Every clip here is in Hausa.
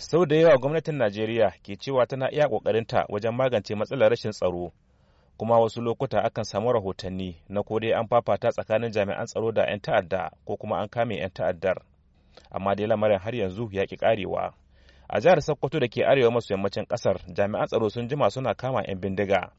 sau da yawa gwamnatin najeriya ke cewa tana iya kokarinta wajen magance matsalar rashin tsaro kuma wasu lokuta akan samu rahotanni na ko dai an fafata tsakanin jami'an tsaro da 'yan ta'adda ko kuma an kame 'yan ta'addar amma dai lamarin har yanzu ya ki karewa a jihar sokoto da ke arewa maso yammacin kasar jami'an tsaro sun jima suna kama 'yan bindiga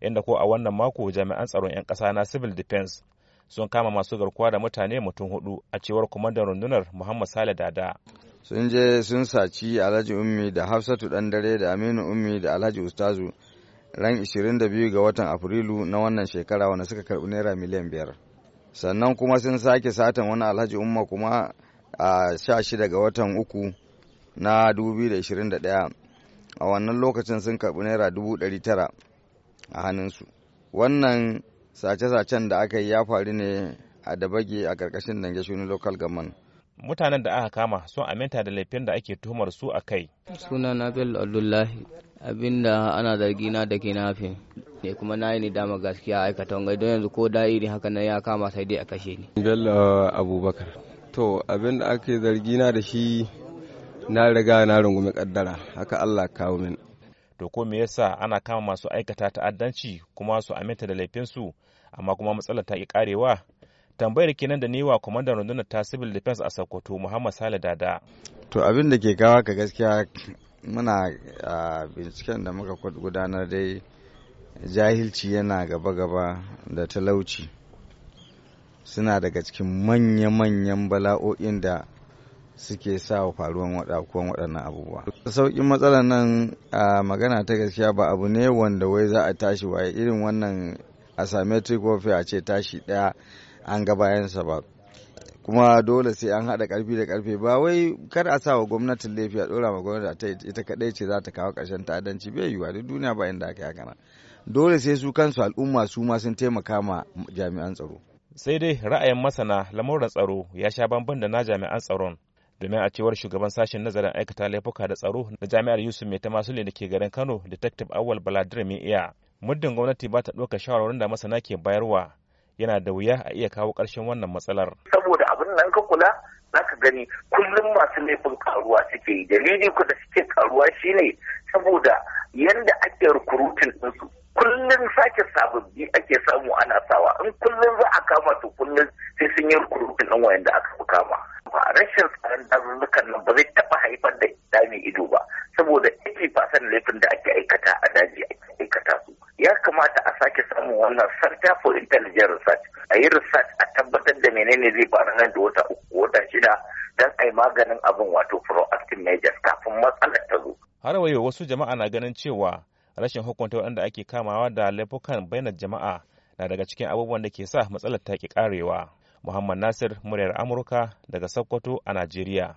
inda ko a wannan mako jami'an tsaron 'yan ƙasa na civil defense sun kama masu garkuwa da mutane mutum hudu a cewar kwamandan rundunar muhammad sale dada sun je sun saci alhaji ummi da hafsatu dan dare da aminu ummi da alhaji ustazu ran 22 ga watan afrilu na wannan shekara wanda suka karbi naira miliyan biyar sannan kuma sun sake satan wani alhaji umma kuma a 16 ga watan uku na 2021 a wannan lokacin sun karbi naira 900 a hannunsu wannan sace-sacen da aka yi ya faru ne a dabage a ƙarƙashin dangashin local government mutanen da aka kama sun aminta da laifin da ake tuhumar su a kai. Suna na Bello Abdullahi abinda ana zargina da ke nafi ne kuma na yi dama gaskiya aikata wangai don yanzu ko da irin haka na ya kama sai dai a kashe ni. Bello Abubakar. To abinda ake zargina da shi na riga na rungumi kaddara haka Allah kawo min. To ko me yasa ana kama masu aikata ta'addanci kuma su aminta da su amma kuma matsalar ta ki karewa tambayar kenan da ni wa kwamandan rundunar ta civil defense a sokoto muhammad sale dada to abin da ke kawo ka gaskiya muna binciken da muka gudanar dai jahilci yana gaba-gaba da talauci suna daga cikin manya-manyan bala'o'in da suke sa wa faruwan wadakuwan waɗannan abubuwa sauƙin matsalar nan a magana ta gaskiya ba abu ne wanda wai za a tashi waye irin wannan asymmetric warfare a ce tashi ɗaya an ga bayansa ba kuma dole sai an haɗa ƙarfi da ƙarfe ba wai kar a sa wa gwamnatin laifi a ɗora ma gwamnati ita kaɗai ce za ta kawo karshen ta'addanci bai yiwuwa duk duniya ba inda aka yi haka dole sai su kansu al'umma su ma sun taimaka ma jami'an tsaro sai dai ra'ayin masana lamuran tsaro ya sha bamban da na jami'an tsaron domin a cewar shugaban sashen nazarin aikata laifuka da tsaro na jami'ar yusuf mai ta masu da ke garin kano detective awal baladir mai iya muddin gwamnati ba ta ɗauka shawarwarin da masana ke bayarwa yana da wuya a iya kawo ƙarshen wannan matsalar. Saboda abin nan ka kula za ka gani kullum masu laifin karuwa suke yi dalili ku da suke karuwa shine saboda yadda ake rukurutin ɗinsu kullum sake sababbi ake samu ana sawa in kullum za a kama to kullum sai sun yi rukurutin ɗin wayanda aka kama. Ba rashin tsaron dazuzzukan nan ba zai taɓa haifar da dami ido ba saboda fasan laifin da ake aikata ya kamata a sake samun wannan center for intelligent research a yi research a tabbatar da menene zai faru nan da wata uku wata shida don a yi maganin abin wato proactive measures kafin matsalar ta zo. har wayo wasu jama'a na ganin cewa rashin hukunta waɗanda ake kamawa da laifukan bainar jama'a na daga cikin abubuwan da ke sa matsalar ta ke karewa. Muhammad Nasir, muryar Amurka daga Sokoto a Najeriya.